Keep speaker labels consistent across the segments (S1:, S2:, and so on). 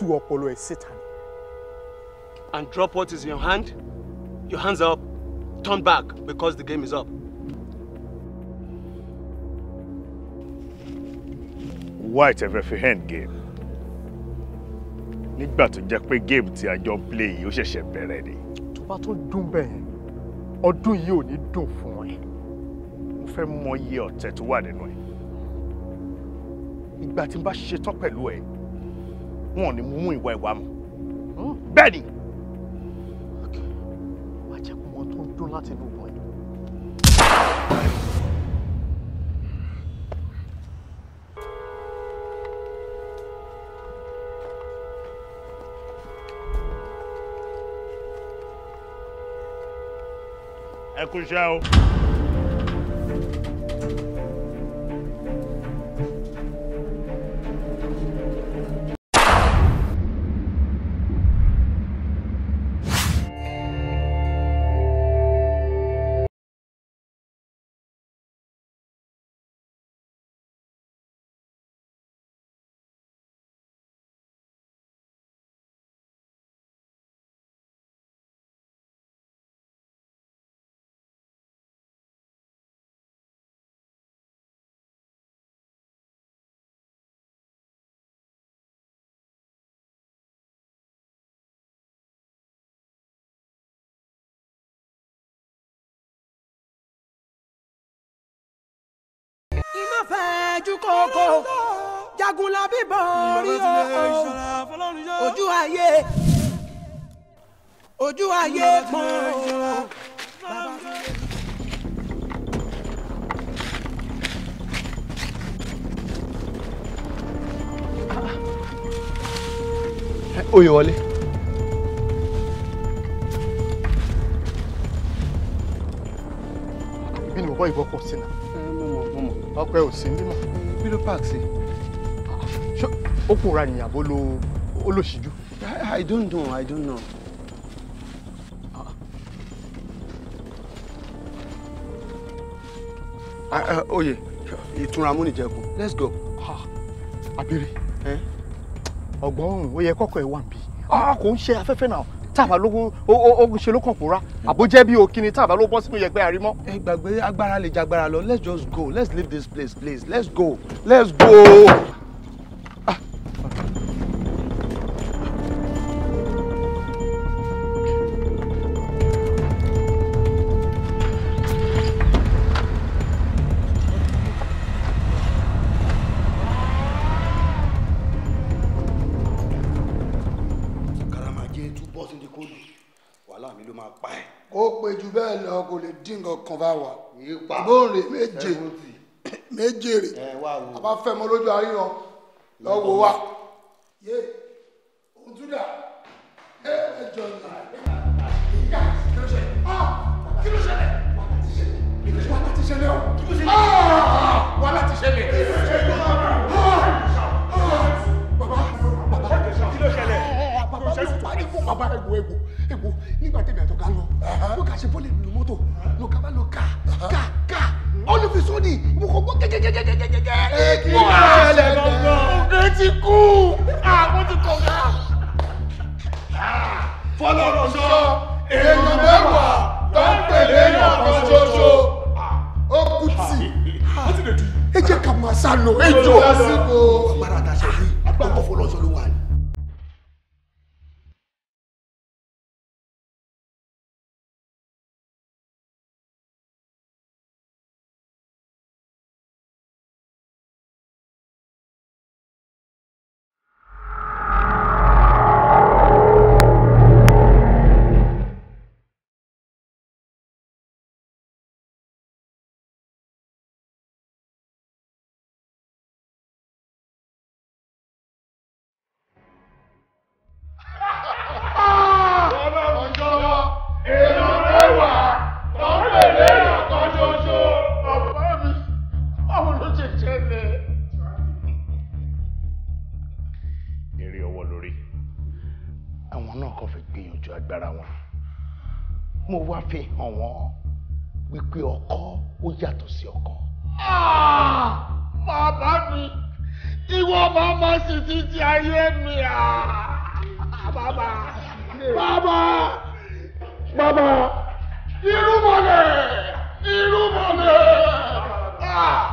S1: tú ọpọlọ ẹ̀ síta and drop what is in your hand your hands are up turn back because the game is up. white everything game nígbà tó jẹ́ pé game tí a jọ ń play yìí ó ṣẹ̀ṣẹ̀ bẹ̀rẹ̀ ni. tó bá tún dùn bẹ́ẹ̀ ọdún yìí ò ní dùn fún ẹ mo fẹ́ mọ iye ọ̀tẹ̀ tó wà nínú ẹ wọn ò ní mú ìwà ìwà mu hmm. bẹ́ẹ̀ ni wàá jẹ́ kó wọn tó ń dún láti inú ìbọn yìí.
S2: É com gel. lójú kókó
S3: jagun la bíbọ orí ojú ayé ojú ayé pọ́n.
S1: oyè wọlé. ibi ni mo bọ́ ìbọn pọ̀ sí náà ọpẹ ò sí nímọ̀ kí ló ṣé ó pòórá nìyàn bó ó lò ṣíjú. I don't know I don't know. Ah, ah, Oyè ìtura mú nìjẹkùn let's go. Abiri eh? ọgbọ́n òun ó yẹ kọ́kọ́ ẹ̀ wà níbí ah, kò ń ṣe afẹ́fẹ́ náà tàbá ló ń ṣe ló kàn pòórá àbójẹ́ bí òkìní tàbá ló bọ́ sínú yẹgbẹ́ àrímọ́. ẹ gbàgbé agbára lè jagbára lọ let's just go let's leave this place please let's go let's go. rè méje méje rè àbá fẹ́ mọ lójú àríyàn lọ́wọ́ wa yé ohun tún dà ẹ ẹ
S2: jọ ní. kí ló ṣẹlẹ̀
S1: wàhálà ti ṣẹlẹ̀ o wàhálà ti ṣẹlẹ̀
S4: bàbá bàbá kí ló ṣẹlẹ̀ bàbá ẹ
S1: wo ẹ wo èwo nígbà tẹ̀mí àtọ̀gá lọ ló kà ṣe bọ́ọ̀lì nínú mọ́tò ló kà bá lọ ká ká ká olùfi sóni mo kò gbọ́ gẹ́gẹ́gẹ́gẹ́gẹ́gẹ́. èkì máa lẹ lọ́gbọ́n. ọ̀gá ti kú àwọn ti kọ̀ ká.
S4: fọlọ́run sọ
S1: èèyàn mẹ́wàá
S4: tó ń tẹ̀lé èèyàn kan ṣoṣo.
S1: ó kú tì. ẹ jẹ́ ká máa sá lọ. ẹ jọ àgbàrá
S2: àtàṣe yìí ọkọ̀ fọlọ́sọ ló wà ní.
S1: náà kàn fi gbìyànjú agbára wọn mo wá fi hàn wọ́n wípé ọkọ ó yàtọ̀ sí ọkọ.
S2: Ah! bàbá mi ìwọ bàbá sì ti di ayé mi ah! bàbá bàbá bàbá irúmọlẹ̀ irúmọlẹ̀. Ah!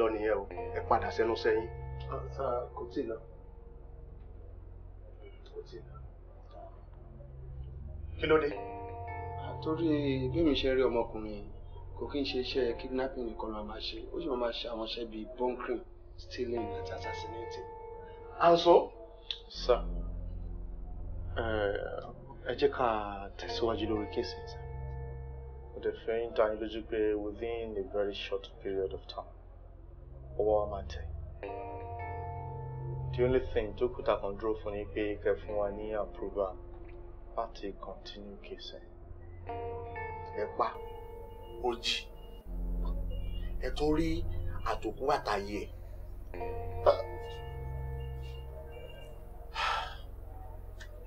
S1: lọ nìyẹn o ẹ padà sẹ́nu sẹ́yìn. Ah, sá kò tí ì lọ kò tí ì lọ. kí ló dé. àtòrí ah, bí mi ṣe rí ọmọkùnrin kò kí n ṣe iṣẹ́ kidnapping nìkan ló máa ṣe ó sì máa ṣe àwọn iṣẹ́ bíi bunkering
S2: stealing àti assassinating.
S1: and so. sá eh, ẹ jẹ́ ká tẹ̀síwájú lórí kéèsì yìí. But the faint and illogical within a very short period of time owó wa máa tẹ̀. the only thing tó kù tá a kàn dúró fún ni pé kẹ́ fún wa ní approval láti continue case ẹ pa ó jì ẹ tó rí àtòkú àtàyè ẹ.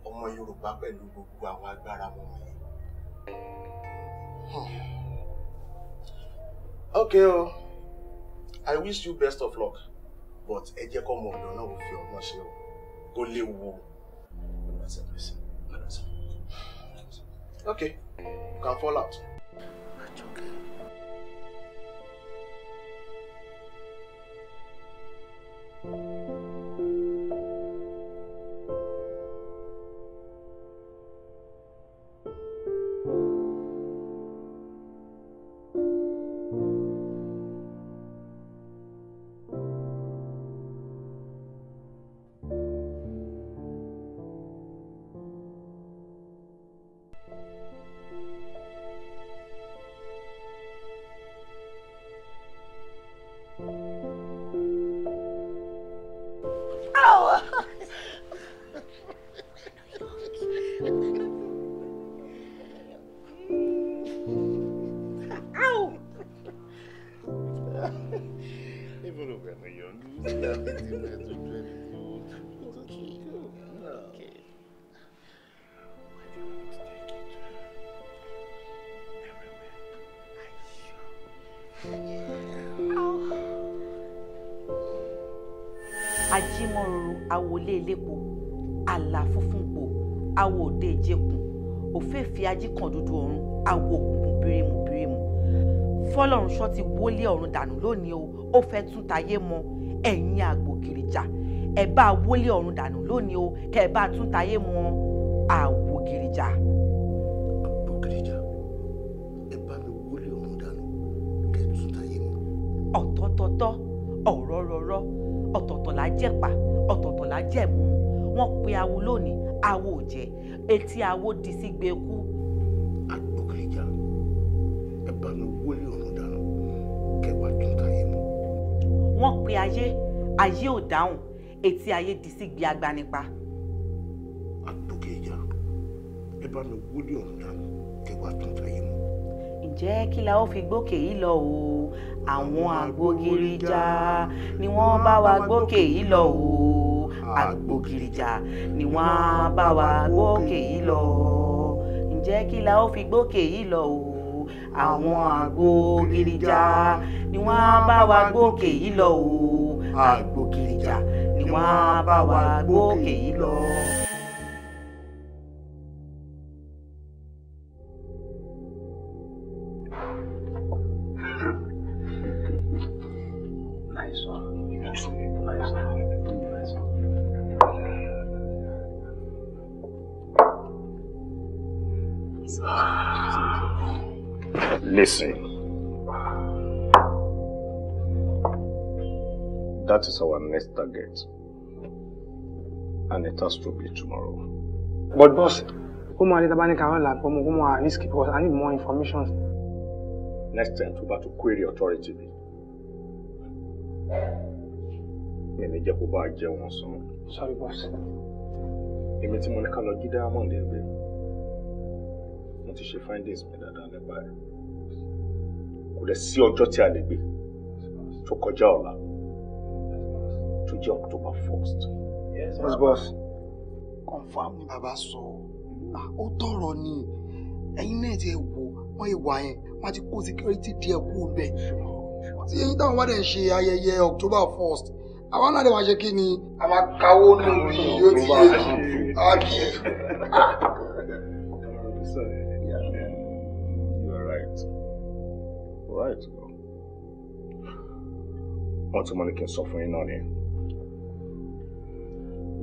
S1: ọmọ Yorùbá pẹ̀lú gbogbo àwọn agbára wọn yìí. Hmm. Okay Oh. I wish you best of luck but ẹ jẹ́ kọ́ ọmọ ọ̀dọ́ náà ò fi ọ̀nà ṣe o ó okay can fall out. Thank you.
S3: tayé mọ ẹ̀yin àgbògìrìjà ẹ bá wọlé ọ̀run dànù lónìí o kẹ ẹ bá tún tayé mọ àwògìrìjà. àgbògìrìjà ẹ bá mi wọlé ọ̀run dànù kẹ ẹ tún tayé mọ. ọ̀tọ̀tọ̀tọ̀ ọ̀rọ̀ rọ̀rọ̀ ọ̀tọ̀tọ̀ la jẹ̀pà ọ̀tọ̀tọ̀ la jẹ̀mú wọn pe awo lónìí awo ò jẹ́ etí awo di sígbẹ́kù ayé ò dáhùn etí ayé di sí gbé agbanipa.
S1: àgbòkè ìyá ẹ bá mi wọlé ọ̀run dànù kẹwàá tún táyé mu.
S3: ǹjẹ́ kí la ó fi gbókè yìí lọ o àwọn àgbògìrìjà ni wọ́n bá wa gbókè yìí lọ o àgbògìrìjà ni wọ́n bá wa gbókè yìí lọ ǹjẹ́ kí la ó fi gbókè yìí lọ o àwọn àgbògìrìjà ni wọ́n bá wa gbókè yìí lọ o àgbòkè ìjà ni wọ́n bá wa gbókè yìí lọ.
S1: That is our next target. And it has to be tomorrow.
S3: But boss, come on, Itabani cannot like come on, risk because I need more information.
S1: Next time, have to query authority. Èmi jẹ́ kó bá jẹ wọn sàn. Sorry boss. Èmi tí mo ní ká lọ jí diamond ẹgbẹ́. Mo ti ṣe findings mi dáadáa nípa ẹ̀. Kò dẹ̀ sí ọjọ́ tí a lè gbé tó kọjá ọ̀la tó jẹ́ October first. yes boss. boss. confam ni bàbá sọ mm-hmm. ah, ó tọrọ ni ẹ̀yin náà ti wò wọn ìwà yẹn wọn ti kó security díẹ̀ kú bẹ́ẹ̀ tí ẹ̀yin táwọn wá dẹ̀ October first àwọn náà lè wá ṣe kí ni àwọn
S2: kawó nínú bí yóò a kì í. wọ́n ti mọ ní kí n sọ fún
S1: yín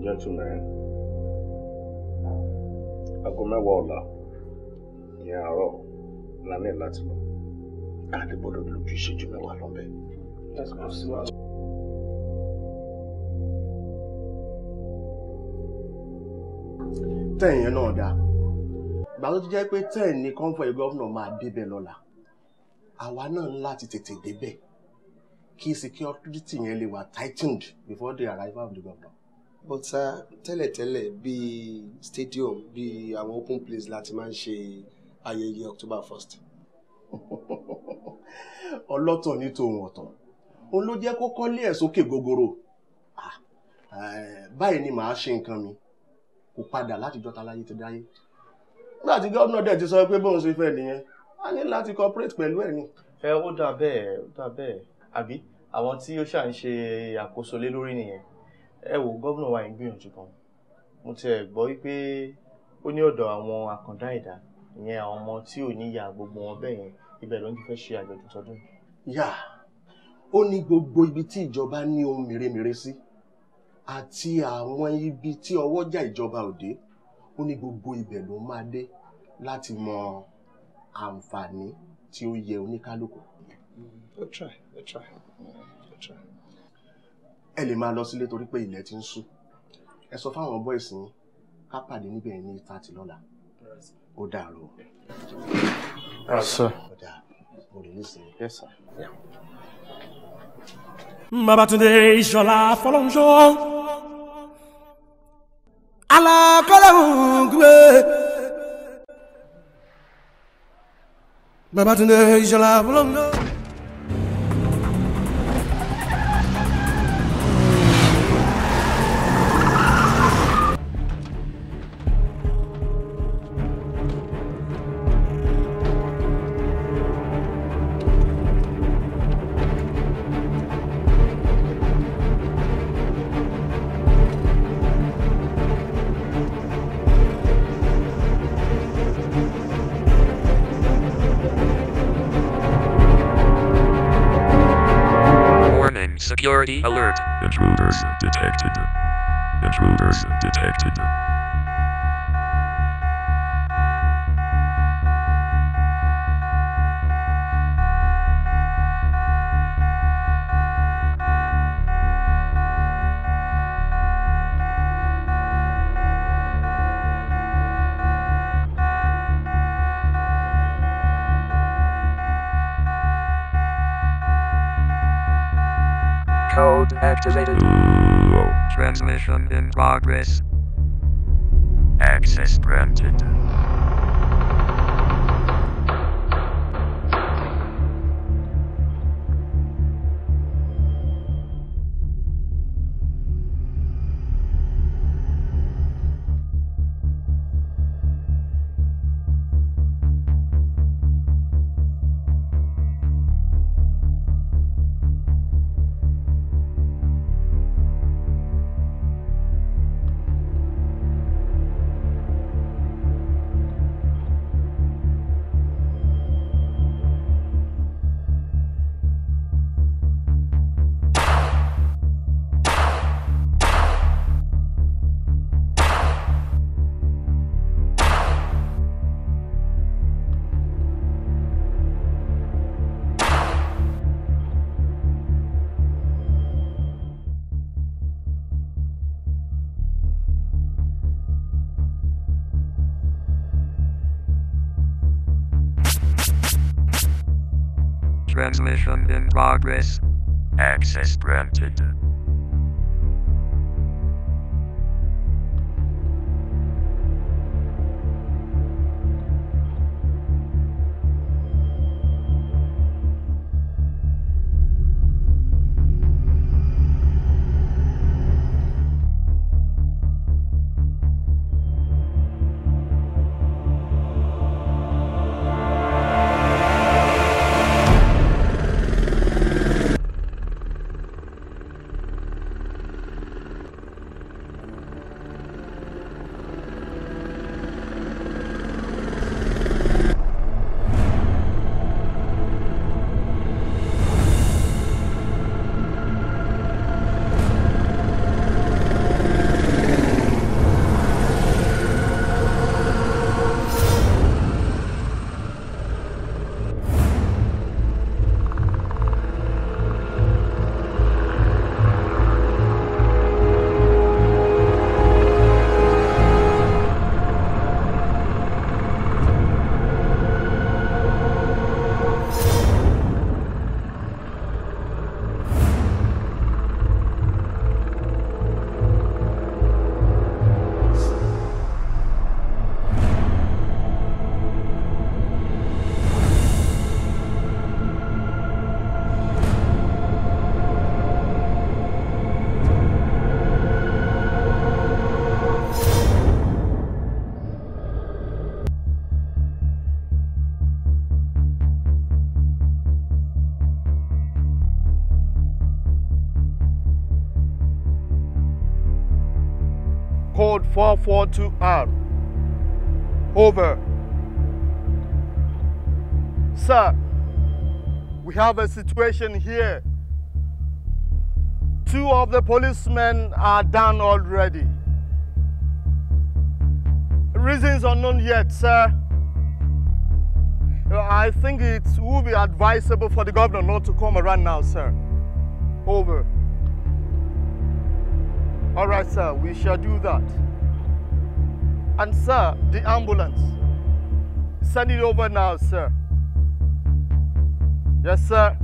S1: gentlemen aago mẹ́wàá ọ̀la ìyẹn àárọ̀ la ní láti lọ
S2: káàdì gbọ́dọ̀ lójú ìṣẹ́jú mẹ́wàá lọ́bẹ̀.
S1: tẹ́ẹ̀ yẹn náà dáa ìgbà tó ti jẹ́ pé tẹ́ẹ̀ ní kọ́ńfọ̀ gómìnà máa débẹ̀ lọ́la àwa náà ń láti tètè débẹ̀ kí security yẹn lè wà tightened before the arrival of the governor but sa tẹ́lẹ̀tẹ́lẹ̀ bíi stadium bíi àwọn open place láti máa ń ṣe ayẹyẹ October first. ọlọ́tọ̀ ní tòun ọ̀tọ̀ òun ló jẹ́ kó kọ́lé ẹ̀ sókè gogoro ah, eh, báyìí ni màá ṣe nǹkan mi kò padà láti jọta láyé ti dáyé nígbà tí gómìnà dẹ̀ ti sọ pé bóun ṣe fẹ́ nìyẹn a ní láti cooperate pẹ̀lú ẹ̀ ni. ẹ eh, ó dà bẹ́ẹ̀ ó dà bẹ́ẹ̀ àbí àwọn tí ó ṣà ń ṣe àkóso lé lórí nìyẹn ẹ wo gómìnà wa ń gbìyànjú gan mo ti ẹ̀ gbọ́ wípé ó ní ọ̀dọ̀ àwọn àkàndá ẹ̀dá ìyẹn àwọn ọmọ tí ò níyà gbogbo wọn bẹ́ẹ̀ yẹn ibẹ̀ ló ń fẹ́ ṣe àjọ̀dún tọdún. yà ó ní gbogbo ibi tí ìjọba ní ohun mèremère sí àti àwọn ibi tí ọwọ́jà ìjọba ò dé ó ní gbogbo ibẹ̀ ló máa dé láti mọ àǹfààní tí ó yẹ oníkálukú. ó mm, ẹ lè máa lọ sílé torí pé ilẹ̀ ti ń ṣú ẹ sọ fáwọn boys yín ká pàdé níbẹ̀ ní ìtàtì lọ́la ó dàrú.
S4: Hmm, Babatunde Ìṣọ̀lá Fọlọ́nṣọ́ alákọ́lẹ̀
S2: ògùnbé. Babatunde Ìṣọ̀lá Fọlọ́nṣọ́. Security alert.
S4: Intruders detected. Intruders detected.
S2: activated. Transmission in progress. Access granted. Transmission in progress. Access granted.
S1: 442R over. Sir, we have a situation here. Two of the policemen are down already. Reasons unknown yet, sir. I think it would be advisable for the governor not to come around now, sir. Over. All right, sir, we shall do that. And sir, the ambulance. Send it over now, sir. Yes, sir.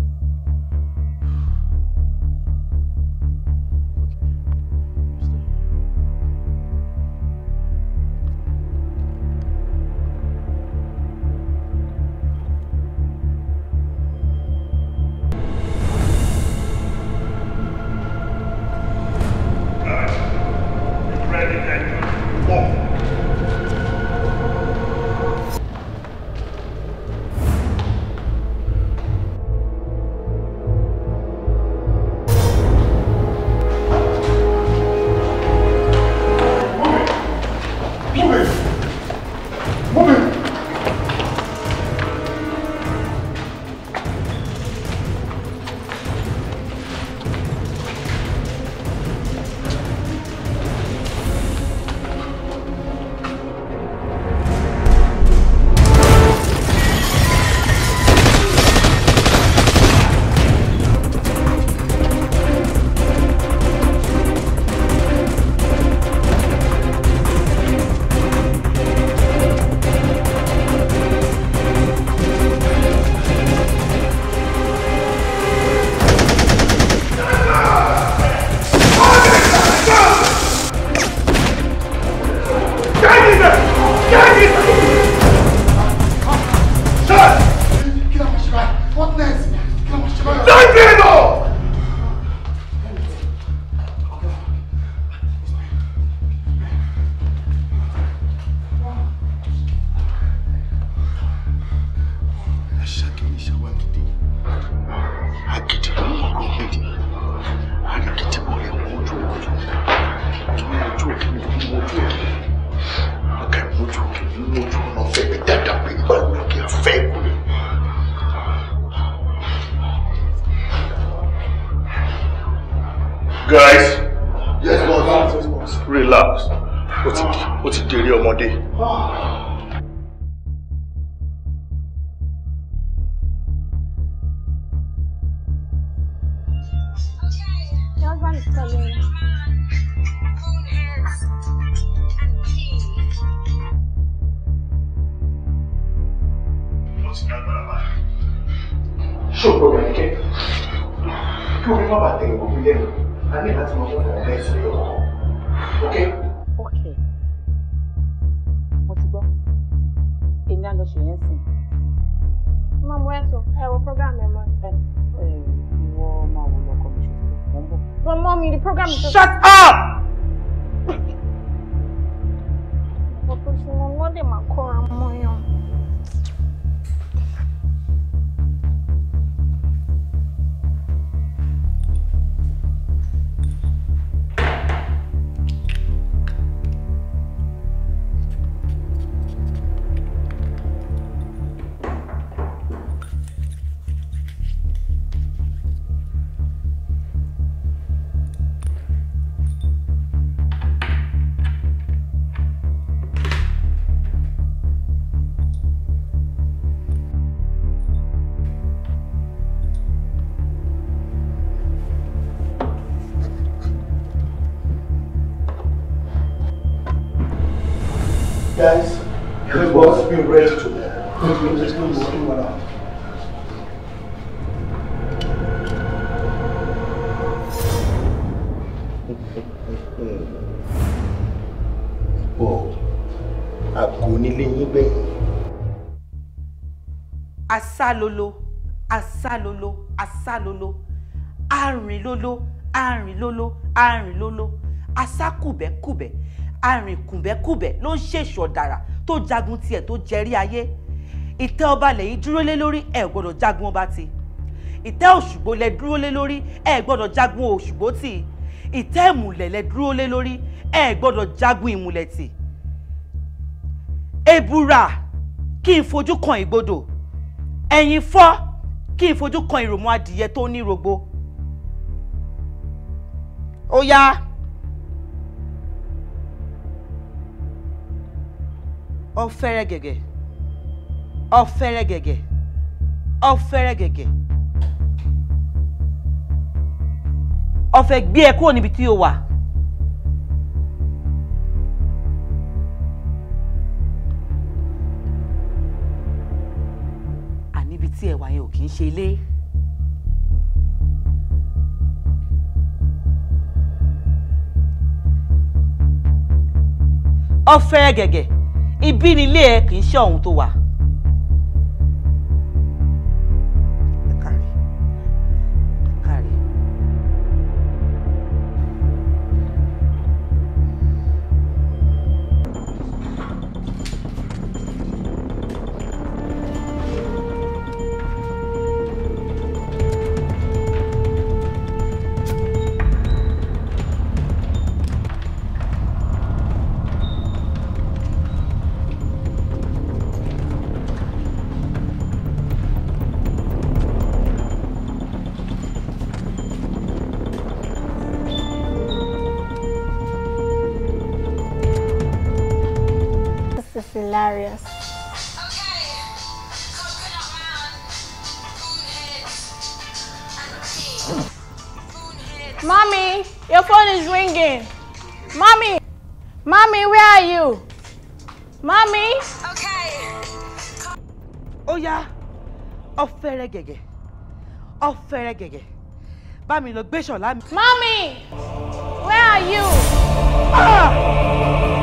S1: Guys, yes boss. Relax. Ó ti di, ó ti dèrè ọmọdé.
S3: Asa asa lolo, lolo, lolo. lolo, asálolo lolo, asálolo arìnlolo arìnlolo arìnlolo asákùbẹ́kùbẹ́ arìnkùbẹ́kùbẹ́ ló ń ṣèṣù ọ̀dàrà tó jagun tiẹ̀ tó jẹrí ayé ìtẹ́ ọba lẹ́yìn dúró lé lórí ẹ̀ gbọ́dọ̀ jagun ọba ti ìtẹ́ òṣùgbó lẹ dúró lé lórí ẹ̀ gbọ́dọ̀ jagun òṣùgbó tì ìtẹ́ ìmùlẹ̀ lẹ dúró lé lórí ẹ̀ gbọ́dọ̀ jagun ìmùlẹ̀ tì. èbúra kí n fojú kan ìgbodò ẹ̀yin fọ́ kí n fojú kan ìròmọ adìyẹ tó ní rogbo ó yá. ọ̀fẹ́rẹ́ gẹ̀gẹ̀ ọ̀fẹ́rẹ́ gẹ̀gẹ̀ ọ̀fẹ́rẹ́ gẹ̀gẹ̀ ọ̀fẹ́ gbé ẹ kúrò níbi tí o wà. tí ẹ wà yẹn ò kì í ṣe ilé. ọ̀fẹ́ gẹ̀gẹ̀ ibi ẹ kì í ṣe ọ̀hún tó wà. your phone is ringing. Mommy, mommy, where are you? Mommy. Okay. Oh yeah. ọ̀fẹ́rẹ́ gẹ̀gẹ̀, ọ̀fẹ́rẹ́ gẹ̀gẹ̀, bá mi lọ gbé ṣọ̀lá Mommy, where are you? Ah!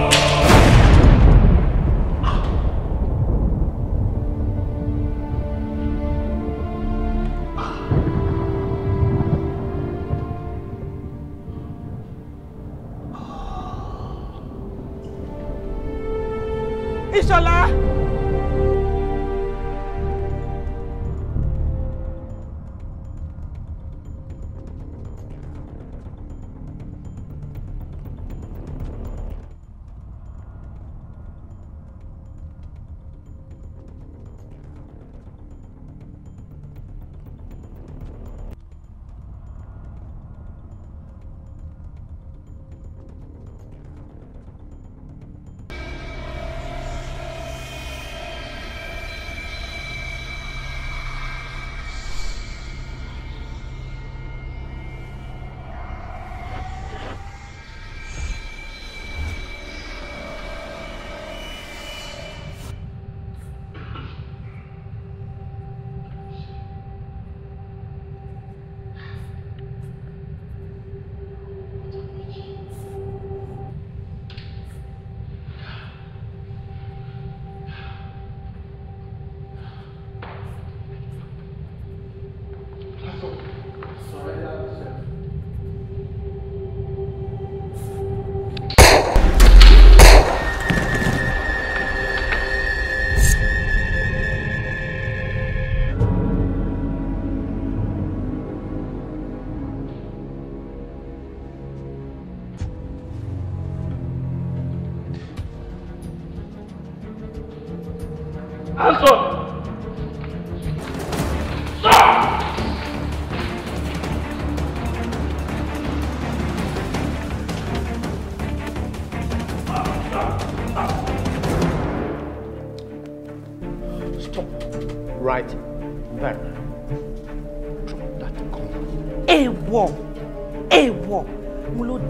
S3: á sọ.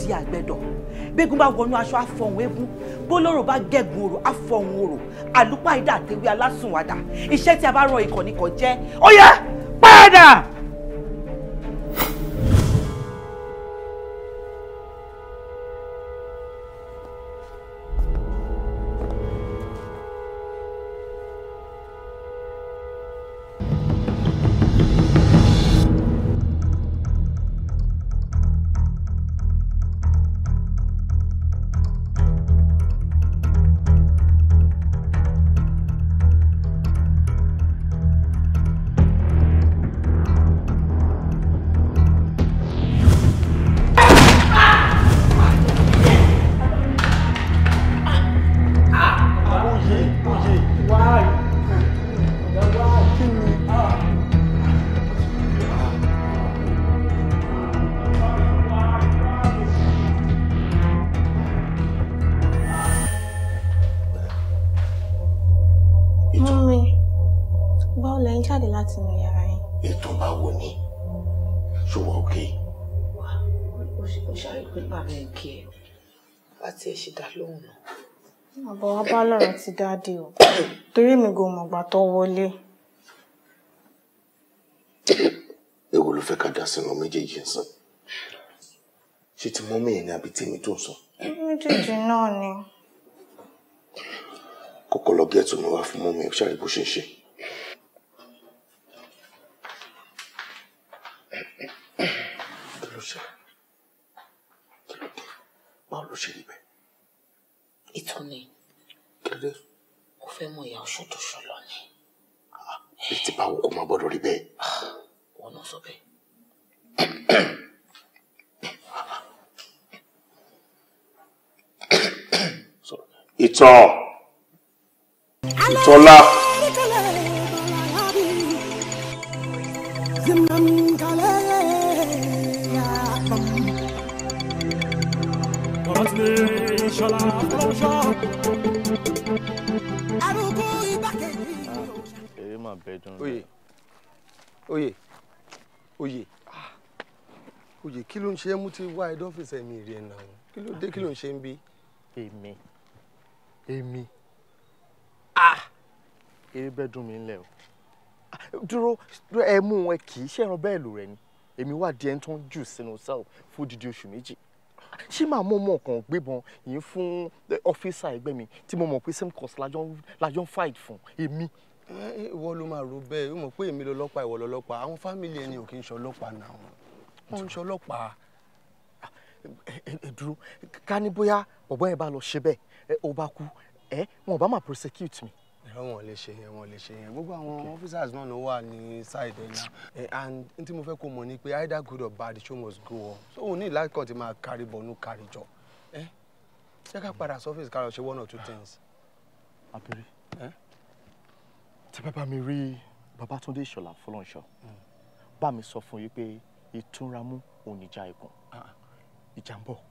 S3: di àgbẹ̀dọ̀ bẹ́gun bá wọnú aṣọ afọ̀hún eégún bólóró bá gẹ̀gùn orò afọ̀hún orò àlùpàá ìdá àtẹwé alásùnwádà iṣẹ́ tí a bá rán ìkànnì kan jẹ́ ó yẹ padà. àbọ̀ wa bá lọ́rọ̀ ti
S4: dáadé o torí mi kò mọ̀gbà tó wọlé.
S1: èwo ló fẹ́ ká dá sínú méjèèjì ń sàn ṣé ti mọ́mí ẹ̀ ní àbí tèmi tó ń sọ.
S3: méjèèjì náà ni.
S1: kọ́kọ́ lọ gẹ́ẹ̀tù mi wá fún mọ́mí ẹ̀ ṣáà bó ṣe ń ṣe. ìtàn ìtọ́lá. Oye, oye, oye, oye, kí ló ń ṣe é mú ti wá ẹ̀dọ́fíìsì ẹ̀mí rẹ̀ náà? Kí ló dé kí ló ń ṣe ń bí? Èmi èmi ah eré bẹ́ẹ̀ dùn mí ńlẹ̀ o ah, dúró ẹ mú wọn kì í ṣẹ̀ràn bẹ́ẹ̀ lò rẹ ni èmi wà díẹ̀ tó ń jù sínú cell fún odidi oṣù méjì ṣé màá mọ̀ mọ̀ kàn gbébọn yìí fún ọ́fíìsà ẹgbẹ́ mi tí mo mọ̀ pé same course ń fight fún èmi ìwọ ló máa rò bẹ́ẹ̀ ó mọ̀ pé èmi lọ́lọ́pàá ìwọ lọ́lọ́pàá àwọn fámìlì ẹni ò kì í ṣọlọ́pàá náà wọ́n ń ṣọlọ́pàá. Ah, ẹ dúró ká ní bóyá ọ̀gbọ́n ẹ bá lọ ṣe bẹ́ẹ̀ ó bá kú ẹ wọn ò bá máa prosecute mi. ẹ wọn lè ṣe yẹn wọn lè ṣe yẹn gbogbo àwọn officers náà ló wà ní side ẹ̀ náà and n tí mo fẹ́ kó mọ̀ ni pé either good or bad the show must go on so òun ní ìlàkọ̀ tí máa kárí bọ̀nú kárí jọ ẹ ṣé ká padà surface ká lọ ṣe one or two things. àbẹ̀rẹ̀ tí bàbá mi rí Babátúndé Ìṣọ̀lá Fọlọ́nṣọ́ hmm. bá mi sọ fún yín pé ìtúnramú ò ní já ikùn ah, ah. ìjàmbọ̀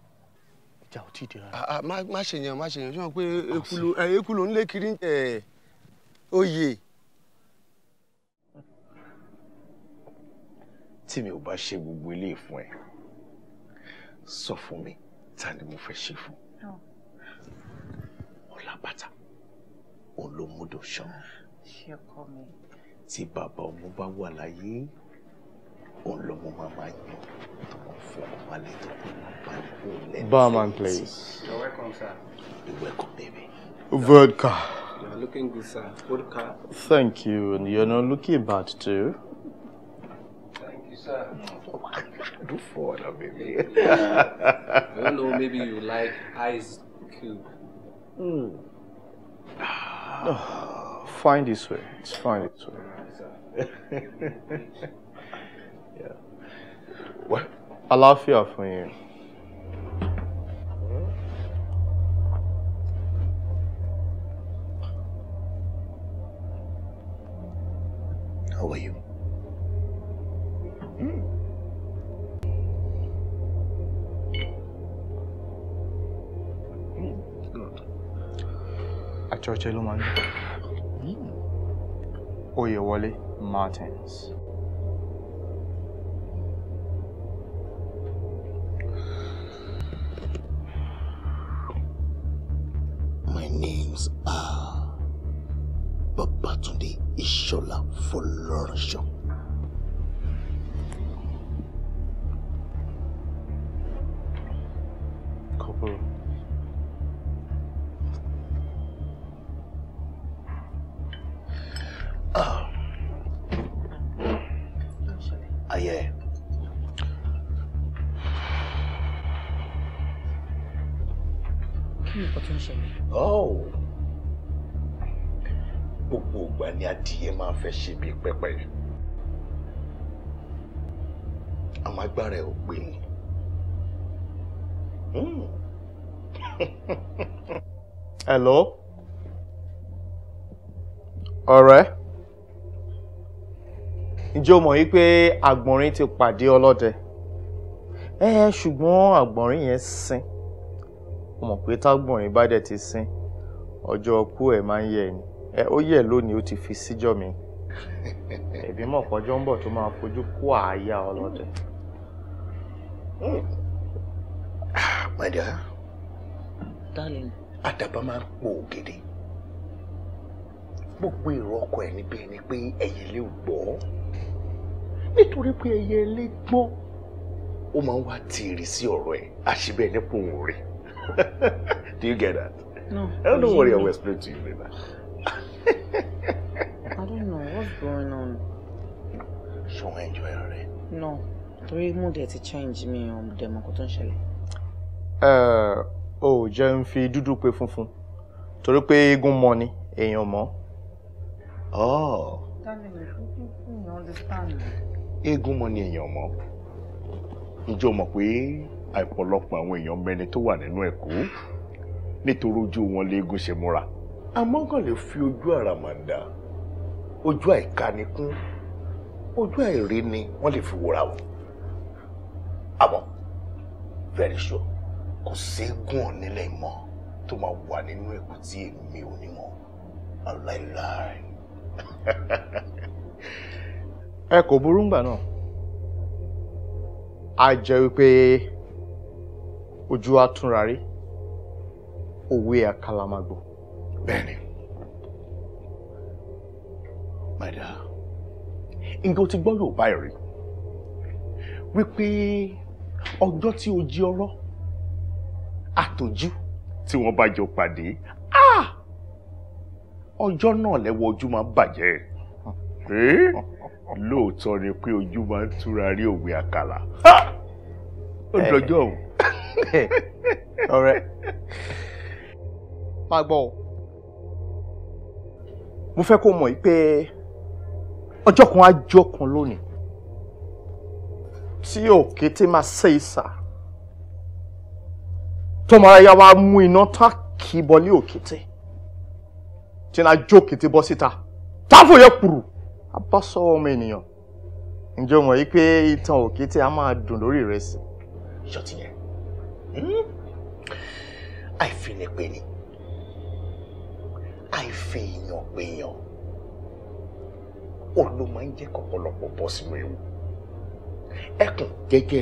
S1: ìjà ò tí ì dé rárá. má ṣe yẹn má ṣe yẹn sọ pé eku ló ń lé kiri oyè. tí mi ò bá ṣe gbogbo ilé fún ẹ sọ fún mi ta ni mo fẹ́ ṣe fún. Oh. ọlábàtà òun ló múdò ṣan. tí bàbá ọmọ bá wà láyé òun lọmọ máa máa yàn. Barman, please. You're welcome, sir. You're welcome, baby. Vodka. You're looking good, sir. Vodka. Thank you, and you're not looking bad, too.
S4: Thank you, sir. Do for baby.
S3: I don't know, maybe you like ice cube.
S2: Mm.
S1: Oh, find this way. It's fine this
S2: way. yeah.
S1: What? Alafia fún yín.
S2: How are you? Mm.
S1: Àjọjẹ ló máa ń gbà. Hmm. Oyèwọlé Martins. My name's Ah Babatunde Ishola Folorunsho. Hello? Ọ̀rẹ́? Ǹjẹ́ o mọ̀ yí pé àgbọ̀nrín ti pàdé ọlọ́dẹ? Ẹ ṣùgbọ́n àgbọ̀nrín yẹn sin. Mo mọ̀ pé tágbọ̀nrín bá ti sin, ọjọ́ ọkú ẹ̀ máa ń yẹ ni. Ẹ ó yẹ lónìí ó ti fi síjọ́ mi. Ẹ̀bí mọ̀ darling. àdàbà máa ń po ògèdè gbogbo èrò ọkọ ẹ̀ níbi ẹni pé ẹyẹ lè gbọ́ nítorí pé ẹyẹ lè gbọ́ ó máa ń wá tìrì sí ọ̀rọ̀ ẹ̀ àṣìbẹ nípò òun rè do you get that. no I don't worry I will explain to you later.
S3: I don't know what's going on. so enjoy rẹ. no torí mood ẹ ti change mi ọmọdé ọmọ kò tó ń ṣẹlẹ̀.
S1: Uh, o ò jẹ́ ń fi dúdú pe funfun torí pé eégún mọ ni èèyàn mọ́. Oh. eégún mọ ni èèyàn mọ́ ǹjẹ́ o mọ̀ pé àìpọ̀lọpọ̀ àwọn èèyàn mẹ́ni tó wà nínú ẹ̀kọ́ nítorí ojú wọn léegun ṣe múra àmọ́ kàn lè fi ojú àràmàǹdà ojú àìkánikún ojú àìrí ni wọ́n lè fi wòra wò àmọ́ very sure kò séégún ọ̀nílẹ̀ mọ́ tó máa wà nínú ẹ̀kú tí èmi ò ní mọ́ aláìláì. ẹ kò burú ngbà náà a jẹ́ wípé ojú atúnra rí òwe àkàlàmàgbò. bẹ́ẹ̀ni mẹ́ta nǹkan tí gbọ́ yóò rí wípé ọjọ́ tí o jí ọ̀rọ̀ àtòjú tí wọ́n bá jọ pàdé ọjọ́ náà lẹ́wọ́ ojú máa ń bàjẹ́ lóòótọ́ ni pé ojú máa ń túra rí òwe àkàlà ó dọjọ́ òun. ọ̀rẹ́ máa gbọ́ ọ mo fẹ́ kó mọ̀ yìí pé ọjọ́ kan á jọ́ kan lónìí tí òkété máa ṣe ìsà. ya wa mú iná ta kì í bọlé na tí náà jó kété bọ́ síta táfò yẹ kúrú abọ́sọ ọmọ ènìyàn ǹjẹ́ o yí pé a máa dùn lórí ni àìfi èèyàn pé pe ó o hmm? máa ń jẹ́ kọ̀pọ̀lọpọ̀ ewu ekun gege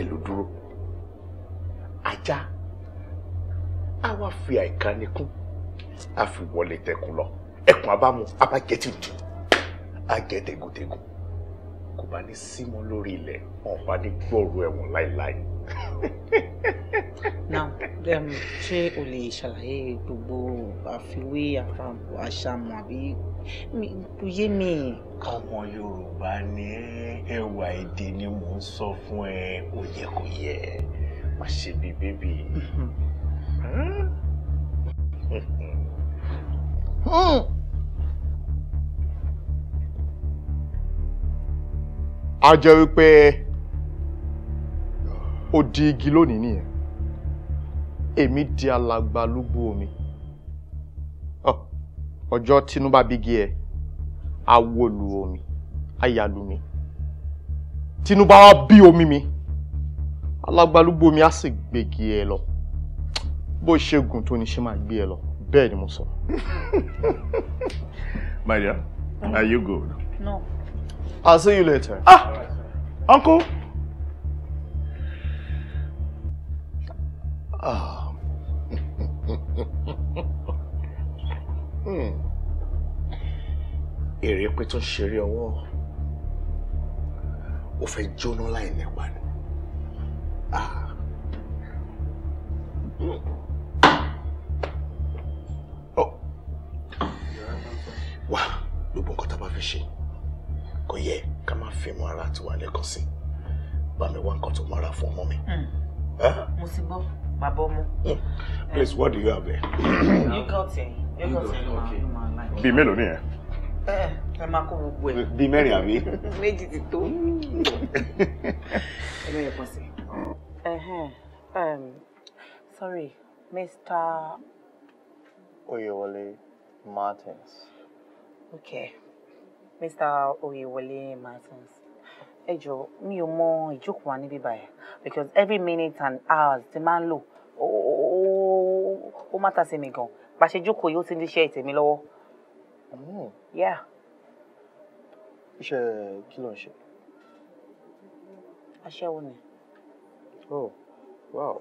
S1: a wá fi àìkánikún a fi wọlé tẹkùn lọ ẹkùn abámu abájẹtìtì agẹtẹgùtẹgùn kò bá ní símọ lórí ilẹ̀ wọn bá ní gbọrọ ẹ̀wọ̀n láéláé.
S3: now um, ṣé o lè ṣàlàyé gbogbo àfiwé àṣàmù àbí kò yé mi. àwọn yorùbá ní ẹwà
S1: èdè ni mò ń sọ fún ẹ ó yẹ kó yẹ má ṣe bí bébì.
S2: Mm-hmm a
S1: jẹ́ wípé ó di igi lónìí nìyẹn èmi di alàgbà lúgbú omi ọjọ́ tínú bá bígi ẹ awolu omi ayalu mi tínú bá wá bí omi mi alàgbà lúgbú omi á sì gbègi ẹ lọ bó ṣe gùn tó ní ṣe máa gbé ẹ lọ bẹ́ẹ̀ ni mo sọ. my dear are you good. no. i'll see you later. ah uncle.
S2: ah. Hmm.
S1: èrè pé tó ń ṣeré ọwọ́ ó fẹ́ jóná láì nípa ni. ti wà lẹ́kọ̀ọ́ sí bá mi wá nǹkan tó mọ́ra fún ọmọ mi. Hmm. mo
S3: ti gbọ́ bàbá
S1: ọmọ. Hmm. please what do you have there.
S3: yogurt ẹyin yogurt ẹyin ló máa láì. bíi mélòó nìyẹn. Eh, ẹ máa kó gbogbo ẹ. bíi mẹ́rin àbí. méjì ti tó. ẹ lóye pọ̀ sí. Um, sorry mr.
S1: oyewole martins.
S3: okay mr oyewole martins. Hey ẹ jọ mi ò mọ ìjókòó wa níbí báyìí because every minute and hours the man ti oh, ń lò ó má ta sí mi gan bá ṣe jókòó yìí ó ti ń díṣẹ́ ìtẹ̀mí lọ́wọ́.
S1: Hmm. iṣẹ́ kí ló ń ṣe.
S3: aṣẹ́wó ni. oh wow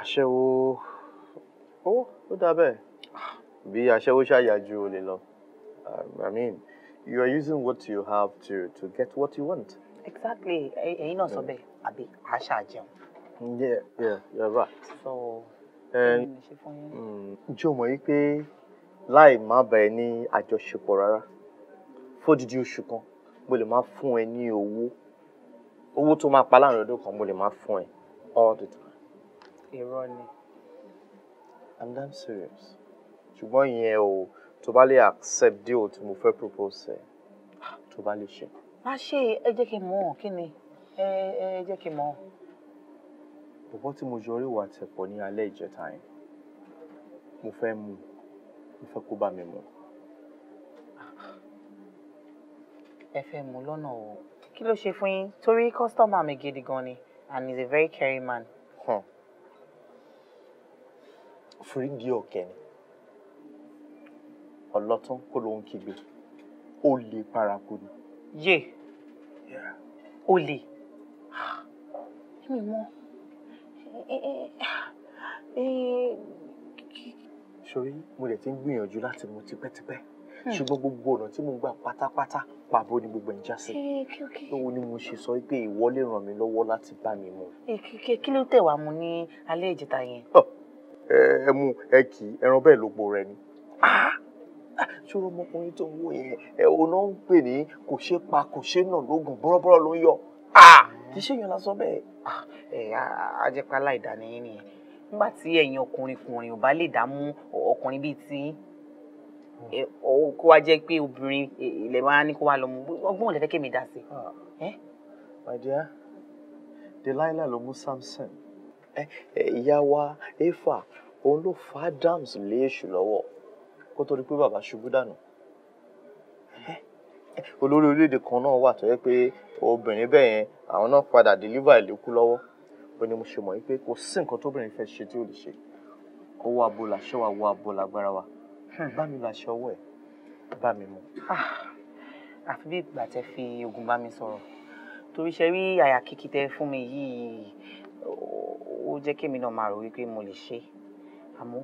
S1: aṣẹ́wó oh, ó ó dáa bẹ́ẹ̀ ah. bí aṣẹ́wó ṣàyà ju olè lo. i mean you are using what you have to to get what you want.
S3: exactly ẹ̀yin náà sọ bẹ́ẹ̀ àbí àṣà jẹun. yeah yeah you right. so and,
S1: ṣe fún yín. Mm, ǹjẹ́ o mọ̀ yí pé láì má bá ẹ ní àjọṣepọ̀ rárá fódìdí oṣù kan mo lè má fún ẹ ní owó owó tó máa pa láàrin ọdún kan mo lè má fún ẹ all the time. irọ́ ni. i'm damn serious ṣùgbọ́n ìyẹn o tó bá lè accept deal tí mo fẹ́ propose ẹ tó bá lè ṣe.
S3: má ṣe ẹ jẹ́ kí n mọ̀ kí ni ẹ ẹ jẹ́ kí n mọ̀.
S1: bọ̀bọ́ tí mo yọrí wà tẹ̀pọ̀ ní alẹ́ ìjẹta yẹn mo fẹ́ mú mo fẹ́ kó bá mi
S3: mú. ẹ fẹ́ mú lọ́nà o kí ló ṣe fún yín torí kọ́sítọ́mà mi gidi gan ni and he is a very caring man.
S1: fún ìdí ọ̀kẹ́ ni ọlọ́tún kó ló ń kígbe ó lè paraku ni. yé o lè
S3: mi mọ
S2: eh, eh, eh,
S1: sori mo dẹ̀ ti ń gbìyànjú láti mú tipẹ́tipẹ́ hmm. ṣùgbọ́n gbogbo ọ̀nà tí mo gbà pátápátá pàbó ni gbogbo ẹ̀ ń já sí lówó ni mo ṣe sọ pé ìwọ lè ràn mí lọ́wọ́ láti bá mi mu.
S3: kí ló tẹ̀ wá mu ní alẹ́ ìjẹta yẹn.
S1: ẹ ẹ mu ẹ kì í ẹran bẹ́ẹ̀ ló po rẹ ni. Ah! ṣòro ọmọkùnrin tó ń wò yẹn ẹ náà ń pè ní kò ṣe pa kò ṣe nà lóògùn
S3: bọ́rọ́bọ́rọ́ ló ń yọ kì í ṣèyàn lásán bẹ́ẹ̀ ẹ ajẹpẹ aláìdáni yín nìyẹn nígbà tí ẹ̀yin ọkùnrin kùnrin ò bá lè dààmú ọkùnrin bíi ti kó wá jẹ́ pé obìnrin ilẹ̀ wa ní kó wá lọ mú ọgbọ́n ò lè fẹ́ kémi dá sí. my dear
S1: delilah ló mú samson ìyá wa efa òun ló fa dams lé èṣù lọ́wọ́ kó tó di pé bàbá ṣubú dànù olórí orílẹ̀-èdè kan náà wà tó yẹ pé obìnrin bẹ́ẹ̀ yẹn àwọn náà padà deliver ìlẹ́kú lọ́wọ́ ó ní mo ṣe mọ̀ pé kò sí nǹkan tóbìnrin fẹ́ ṣe tí ò lè ṣe ó wá bo làṣẹ wa wá bo lágbára wa bá mi làṣẹ
S3: ọwọ́ ẹ̀ bá mi mu. Ah, àfi bí ìgbà tẹ fi ogun bá mi sọ̀rọ̀ torí ṣe rí àyà kìkì tẹ fún mi yìí ó jẹ́ kémi náà máa rò wípé mo lè ṣe àmọ́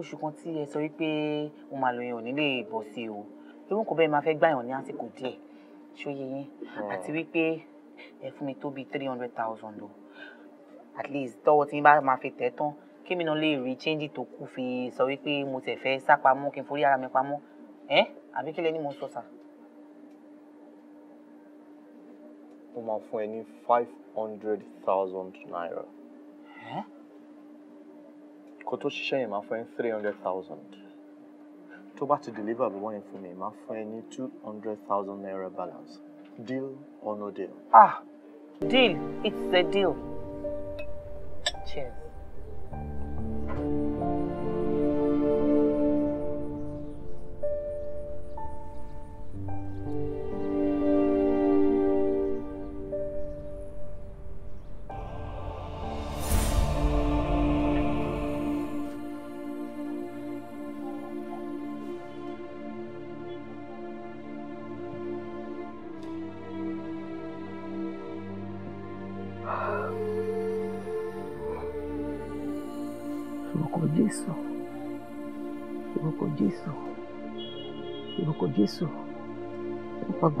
S3: oṣù kan tí ẹ sọ wípé mo máa lóyún òní lè bọ̀ sí o lórúkọ kò bẹ́ẹ̀ máa fẹ́ gbàyàn ní àsìkò díẹ̀ ṣóyè yín àti wípé ẹ fún mi tó bíi three hundred thousand o at least tọwọ́ tí n bá máa fi tẹ̀ tán kémi náà lè rí change tó kù fi sọ wípé mo tẹ̀ fẹ́ sá pamọ́ kí n forí ara mi pamọ́ ẹ àbí kí lẹni mo sọ sà.
S1: mo máa fún ẹ ní five hundred thousand naira kó tó ṣiṣẹ́ yẹn máa fún ẹ three hundred thousand tó bá ti deliver bí wọ́n yẹn fún mi máa fún ní two hundred thousand naira balance deal or
S3: no deal. ah deal it's a deal cheers.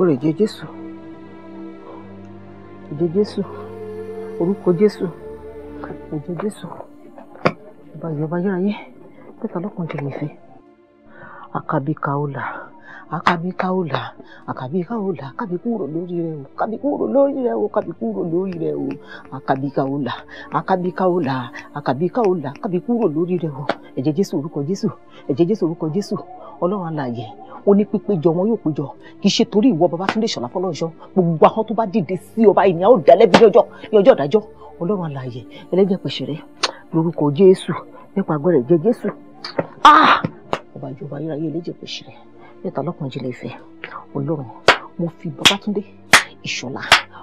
S4: òrèjé jésù òjé jésù orúkọ jésù òjé jésù ọba ìyọba yíráyé pẹta lọkàn jẹ lẹfẹ akabika ọlà akabika ọlà akabika ọlà kabikúrò lórí rẹ o kabikúrò lórí rẹ o kabikúrò lórí rẹ o akabika ọlà akabika ọlà akabika ọlà kabikúrò lórí rẹ o ẹ̀jẹ̀ jésù orúkọ jésù ẹ̀jẹ̀ jésù orúkọ jésù ọlọ́run alààyè ó ní pípéjọ wọn yóò péjọ kì í ṣe torí ìwọ Babátúndé Ìṣọ̀lá Fọlọ́runṣọ́ gbogbo àwọn tó bá dìde sí ọba ìní àwọn ìdálẹ́bi ní ọjọ́ ìdájọ́ ọlọ́run alààyè ẹlẹ́jẹ̀ pẹ̀ṣẹ̀rẹ́ lórúkọ Jésù nípa agbẹ́rẹ́ jẹ Jésù ah! ọba ìjọba ayérayé ẹlẹ́jẹ̀ pẹ̀ṣẹ̀rẹ́ mẹ́ta lọ́kàn ìjìnlẹ̀ ìfẹ́ ọlọ́run mo fi Babátúndé Ìṣọ̀lá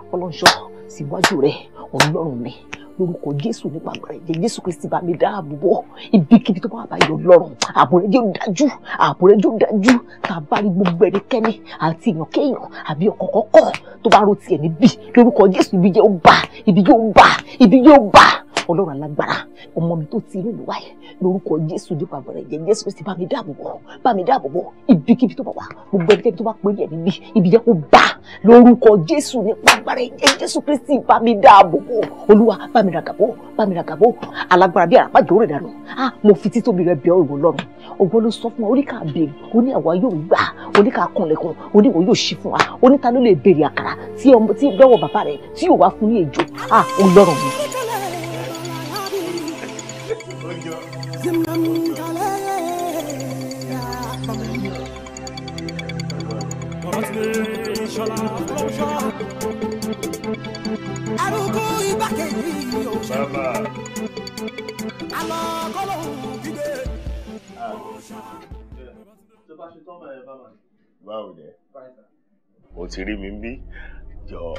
S4: Fọlọ́runṣọ́ síwájú rẹ̀ ọlọ́run mi lórúkọ jésù nípa agbára ẹ̀jẹ̀ jésù kristi bá mi dáàbò bò ibikíbi tó bá wà báyọ̀ lọ́rùn ààbò rẹ̀ yóò dájú ààbò rẹ̀ yóò dájú tá a bá rí gbogbo ẹnikẹ́ni àti èèyànkéèyàn àbí ọ̀kọ̀ọ̀kọ̀ tó bá ro tiẹ̀ níbí lórúkọ jésù ibi yóò bà ibi yóò bà ibi yóò bà ọlọ́run alágbára ọmọ mi tó ti inú ìlú wáyé lórúkọ jésù nípa bọ̀rẹ̀ jẹ jésù kristi bá mi dáàbò bò bá mi dáàbò bò ibikíbi tó bá wà gbogbo ẹnikẹ́ni tó bá pè ní ẹ̀mí bí ibi jẹ́ kó bá lórúkọ jésù nípa bọ̀rẹ̀ jẹ jésù kristi bá mi dáàbò bò olúwa bá mi ràgàbò bá mi ràgàbò alágbára bí àràpá jòrò ìdànù ah mo fi títóbi rẹ bẹ̀ ọ́ ìwọ lọ́run ògbó ló sọ fún wa oníkà béèrè oní àwa yóò gbà oníkà kànlẹ̀kùn oníwò yóò ṣí fún wa oníta ló lè béèrè àkàrà tí ọmọ tí lọ́wọ́ bàbá rẹ tí yóò wá fún ní èjò ah Ọlọ́run mi.
S2: arúgbó
S1: ti rí mi bí jọ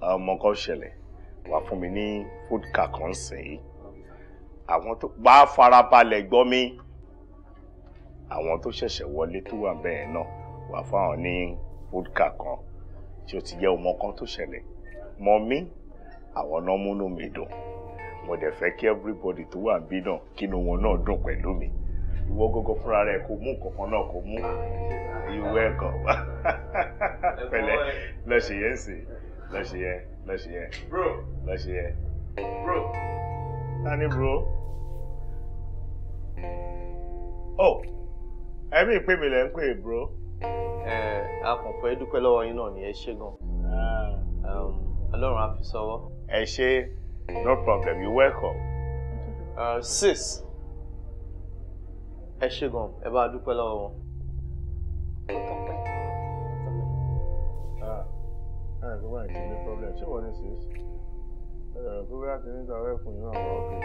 S1: ọmọ kan ṣẹlẹ̀ wàá fún mi ní fúdkà kan sẹ́yìn àwọn tó bá farabalẹ̀ gbọ́ mi àwọn tó ṣẹ̀ṣẹ̀ wọlé tó wà bẹ́ẹ̀ náà wàá fáwọn ní vodka kan tí ó ti jẹ́ ọmọ kan tó ṣẹlẹ̀ mọ́ mi àwọn náà múnú mi dùn mo dẹ̀ fẹ́ kí everybody tó wà bí náà kínú wọn náà dùn pẹ̀lú mi ìwọ gógó fúnra rẹ kò mú nǹkan kan náà kò mú ìwé ẹ̀kọ́ pẹ̀lẹ́ lọ́sẹ̀ yẹn sì lọ́sẹ̀ yẹn lọ́sẹ̀ yẹn lọ́sẹ̀ yẹn. bro tani bro oh ẹ̀mí ìpè mi lẹ́ ń pè bro ẹ a kàn fẹ́ dúpẹ́ lọ́wọ́ yín náà ni ẹ ṣe gan um, ọlọ́run á fi sọwọ́. ẹ ṣe no problem you welcome. Uh, sis ẹ ṣe gan ẹ bá a dúpẹ́ lọ́wọ́ wọn. Ah, ah, problem ṣé wọ́n ní sis ẹ kó bá ìdílé ìgbà wẹ́ẹ̀kùn yìí wà wọ́ọ̀kì.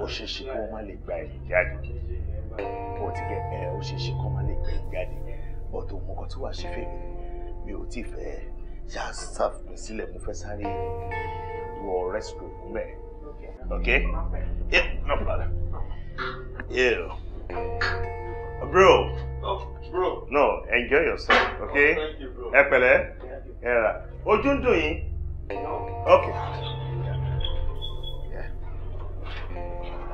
S1: ó ṣe ṣe kó má lè gba ẹ̀yìn jáde ó ti kẹ ẹ ó ṣe ṣe kó má lè gba ẹ̀yìn jáde bọ́tò mo tí wàá ṣe fèmí mi ò tí ì fẹ́ ṣáà ṣàfihàn mo fẹ́ sáré wọ rẹ́sítọ̀ mẹ́ ok yeah no problem yeah
S2: oh, bro oh, bro
S1: no enjoy yourself oh, ok ẹ pẹ̀lẹ́ ẹ ra ojú ń dùn yín ok. okay.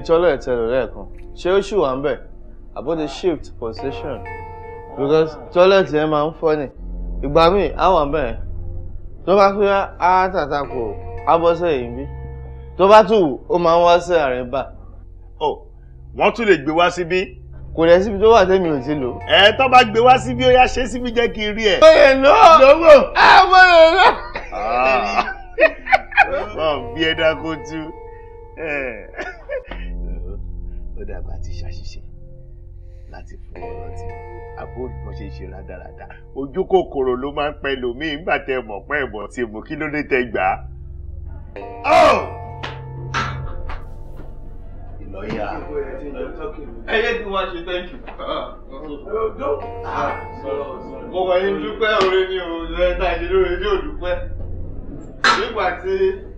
S1: Toilet, ìtẹ̀lọ̀ lẹ́ẹ̀kan ṣé ó ṣì wà ń bẹ̀ àbó the shift position because toilet tiẹ̀ máa ń fọ́ ni ìgbà míì á wà ń bẹ̀ yẹn tó bá pé á tàtàkù á bọ́ sẹ́yìn bí tó bá tù ó máa ń wá sí àárín bá. ọ wọ́n tún lè gbé wá síbí. kò lẹ síbi tó wà tẹ́mi ò ti lò. ẹ tó bá gbé wá síbí ó yá ṣe síbi jẹ́ kí n rí ẹ. lóye náà lówó
S2: á mọ̀ lọ́wọ́.
S1: bọ́ọ̀ ah. bí ẹ dákó tú tó dàgbà ti ṣàṣìṣe láti fún wọn rántí àbórí bó ṣe ṣe rádaràda ojú kòkòrò ló máa ń pẹ lòmíì ńgbà tẹ mọ̀ pé ẹ̀bọ̀ tí mo kí ló dé tẹ gbà á. Oh! ìlọ́yà ẹyẹ tí wọ́n ṣe thank you. mo kàn ní dúpẹ́ orí ni o lẹ́tà ìdílé orí ni ò dúpẹ́ nígbà tí.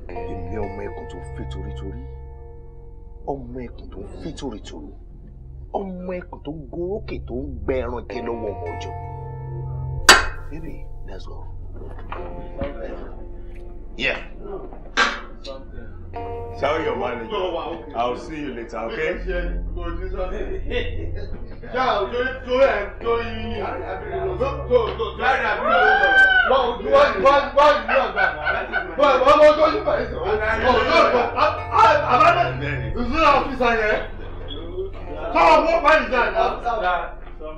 S1: èmi ọmọ ẹkùn tó fẹ́ torítorí ọmọ ẹkùn tó ń fi tòrìtòrò ọmọ ẹkùn tó ń gorókè tó ń gbẹ ẹran jẹ lọ́wọ́ ọmọ ọjọ́
S2: baby that's all
S1: yeah. Something. Tell your manager. No, wow, okay. I'll see you later, okay?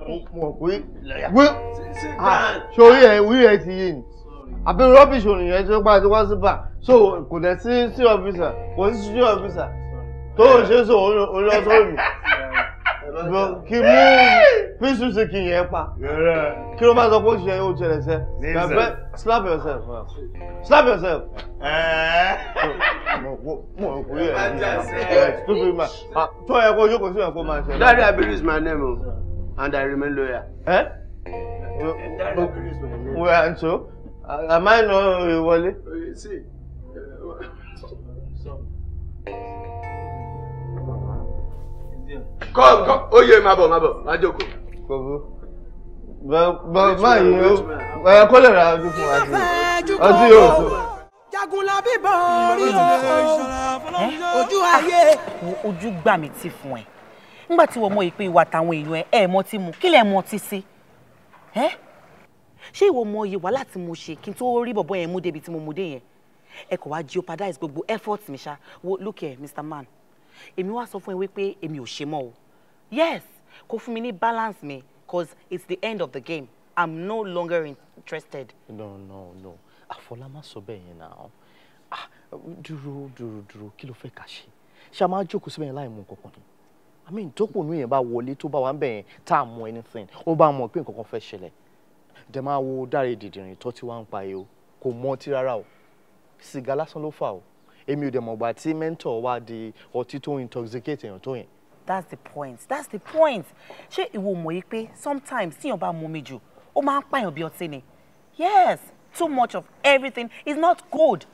S1: mo mọ̀ pé sórí ẹ̀ wí rẹ̀ ti yé I, àbí rubbish ònìyàn tó pa ti wá sí bà so kò dẹ̀ sí sí ọ́fíìsà kò sí sí ọ́fíìsà tó o ṣe so orí ọtọ́
S2: mi kí mú
S1: píṣù sí kí yẹn pa kí ló máa sọ pé ó ṣe ó ṣẹlẹ̀ sẹ́ bẹ́ẹ̀ slap yourself slap yourself. mo kò yẹ ẹ stupid man tó ẹ kó yókò sí ẹ kó máa ṣe. Daddy Abiru is my name o and I remain loyal. ẹ ẹ Daddy Abiru is my name. wẹ́n so àmáìnà ìwọlé. kọ́ kọ́ ó yẹ máa bọ̀ máa bọ̀ máa jókòó. kò bú báyìí ó ẹ kó lè ra ọdún fún wa sí
S2: i ọdún yóò
S3: ojú ayé. ojú gbà mí ti fún ẹ nígbà tí wọ́n mọ ìpè ìwà táwọn èèyàn ẹ ẹ mọtí mu kí lẹ mọtí sí ẹ ṣé ìwọ mọ iye wàhálà tí mo ṣe kí n tó rí bọ̀bọ̀ yẹn mú débi tí mo mú dé yẹn ẹ kò wá jeopardize gbogbo effort mi ṣá wo look here Mr. Man èmi wá sọ fún ẹ wípé èmi ò ṣe mọ́ o yes kó fún mi ní balance mi cause it's the end of the game i'm no longer interested. no no no àfọlá má sọ bẹ́ẹ̀ yẹn náà ah dúró dúró dúró kí ló fẹ́ ká ṣe ṣé a máa jókòó
S1: síbẹ̀ yẹn láì mú nǹkan kan ni i mean tókùnú yẹn bá wọlé tó bá wà ń bẹ̀ yẹn tá a mú anything ó bá mọ̀ pé nǹkan kan fẹ́ ṣẹlẹ̀ dẹ̀ máa wo dáre dìdìrìn tó ti wá ń pa yìí o kò mọ ti rárá o sìgá lásán ló fà o èmi ò dẹ̀ mọ̀ gbà tí mẹ́ńtọ̀ wá di ọtí tó
S3: intoxicate èèyàn tó yẹn. that's the point that's the point ṣé ìwọ mọ̀ yìí pé sometimes tíyàn bá mumi jù ó máa ń pààyàn bí ọtí ni yes too much of everything is not good.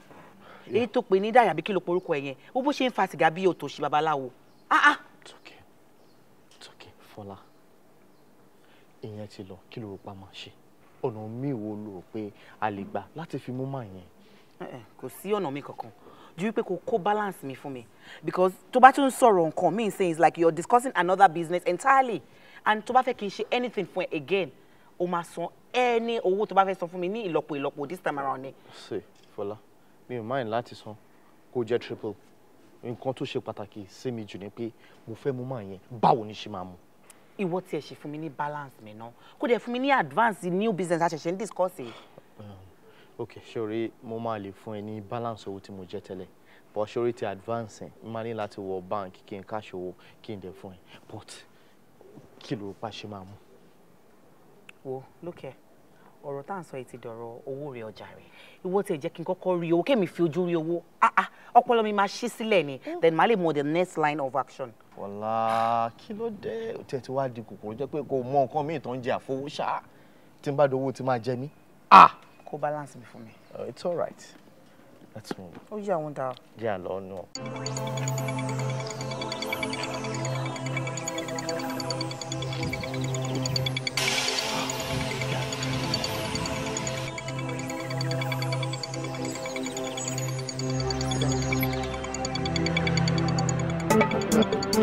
S3: èyí tó pè ní dáyà bí kí ló porúkọ ẹ yẹn bó ṣe ń fa sìgá bí òtòṣì babaláwo. ah ah. it's okay
S1: it's okay Fọlá ìyẹn
S3: ti lọ kí ló rò pa máa ṣe ọ̀nà míì wo lò pé a lè gbà láti fi mú màá yẹn. kò sí ọ̀nà mi kankan ju wípé kò kó balance mi fún mi because tó bá tún sọ̀rọ̀ nǹkan mi say it's like you're discussing another business entirely and tó bá fẹ́ kí n ṣe anything fún ẹ again o máa san ẹni owó tó bá fẹ́ san fún mi ní ìlọ́po ìlọ́po this time around ni.
S1: ṣe Fọlá mi ò mind láti san kó jẹ́ triple nǹkan tó ṣe pàtàkì sí mi jù ni pé mo fẹ́ mú màá yẹn báwo ni ṣe máa mú
S3: ìwọ tiẹ̀ ṣe fún mi ní balance mi náà kó dẹ̀ fún mi ní advance new business àṣẹ̀ṣẹ̀ ń discuss yìí. Um,
S1: ok ṣòrí mo máa lè fún ẹ ní balance owó tí mo jẹ tẹ́lẹ̀ but ṣòrí ti advance n máa ní láti wọ bank kí n cash owó kí n dẹ̀ fún ẹ but kí ló pa ṣe máa mú.
S3: wo lókè ọ̀rọ̀ tá à ń sọ yìí ti dọ̀rọ̀ owó rẹ̀ ọjà rẹ̀ ìwọ tiẹ̀ jẹ́ kí n kọ́kọ́ rí owó kémi fi ojú rí owó ah, ah, ọpọlọ mi máa ṣí sílẹ̀ ni mm. then màá lè mọ the next line of action.
S1: Fọlá kí ló dé tí ẹ ti wá di kòkòrò jẹ́ pé kò mọ nǹkan míì tó ń jẹ àfowóṣá tí n bá dowó tí máa jẹ mí. kó balance mi fún mi. Uh, it's all right.
S3: ó yà wọn dáa.
S1: jẹ́ àlọ́ náà.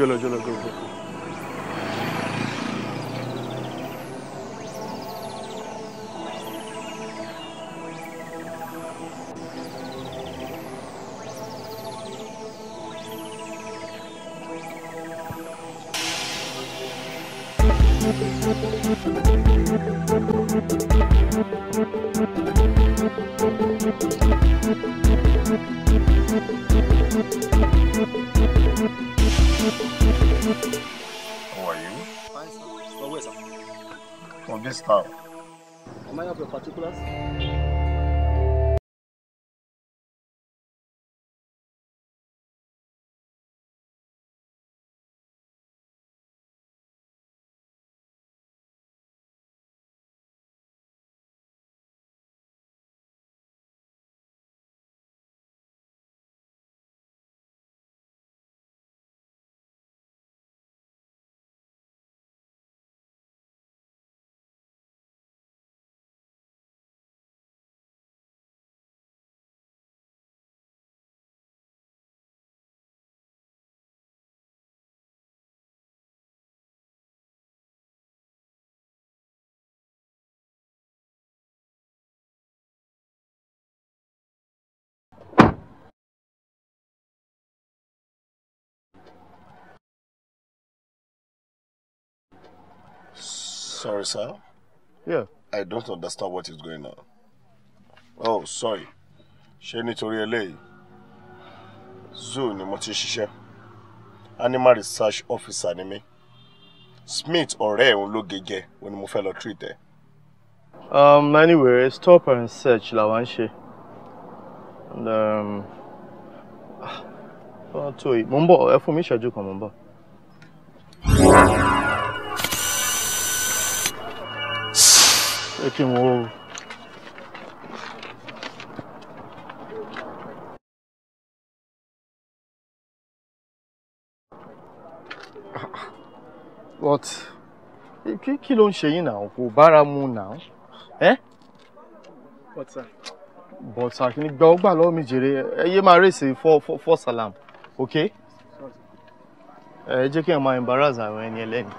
S2: চলো চলো Thank you. this time. Am I have your particulars?
S1: Sorry, sir. Yeah. I don't understand what is going on. Oh, sorry. Ṣé nítorí eléyìí? Zoo ni mo ti ṣiṣẹ́. Animal research officer ni mí. Smith ọ̀rẹ́ òun ló gẹ́gẹ́ òun ni mo fẹ́ lọ treat ẹ. Um, anyway, stop and search làwa ń ṣe. And, um, tó yìí mò ń bọ̀ ẹ fún mi ìṣẹ́jú kan mò ń bọ̀.
S2: ẹ kí n wo. but
S1: kí kí ló ń ṣe yín náà kò bára mu náà ẹ. bọ́tà. bọ́tà kí ni gbà ó gbà lọ́wọ́ mi jèrè ẹ yé máa rèsè fọ́ fọ́ fọ́ Okay. ẹ jẹ́ kí n máa embarrass àwọn ẹni ẹlẹ́ni.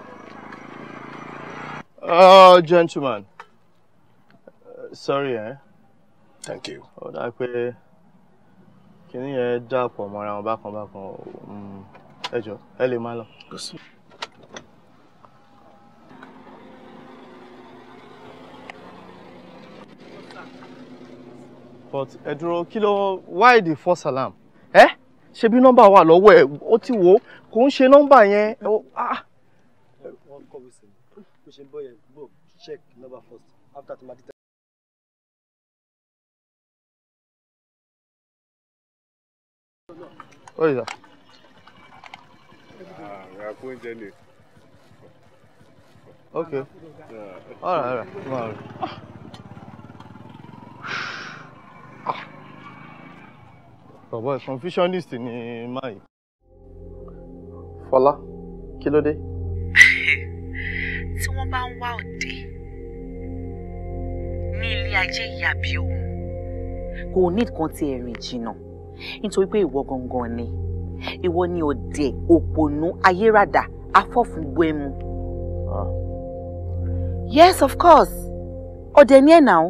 S1: oh gentleman uh, sorry Eh? thank you. ó dáa pé kíní yẹn dàpọ̀ mọ́ra wọn bákan bákan hmm. ẹ jọ ẹ lè má lọ. but ẹ dúró kí ló why the false alarm? Eh? ṣebí nọ́mbà wà lọ́wọ́ ẹ̀ ó ti wò ó kò ń ṣe nọ́mbà yẹn. Ah.
S2: wọ́n kọ́ wíṣẹ́ bó ah, okay ah. all right all right.
S1: Ah. ah bọ̀bọ̀ confucianist ni máa yìí. Fọlá kí ló dé?
S3: Tí wọ́n bá ń wá òde ní ilé ajé ìyá bí òun kò ní nǹkan tí ẹ̀rìn jìnnà nítorí pé ìwọ gangan ni ìwọ ni ọ̀dẹ̀ òpònú ayérada afọ́fúngbẹ́mu. Ah. yes of course ọ̀dẹ̀ ni ẹ̀ náà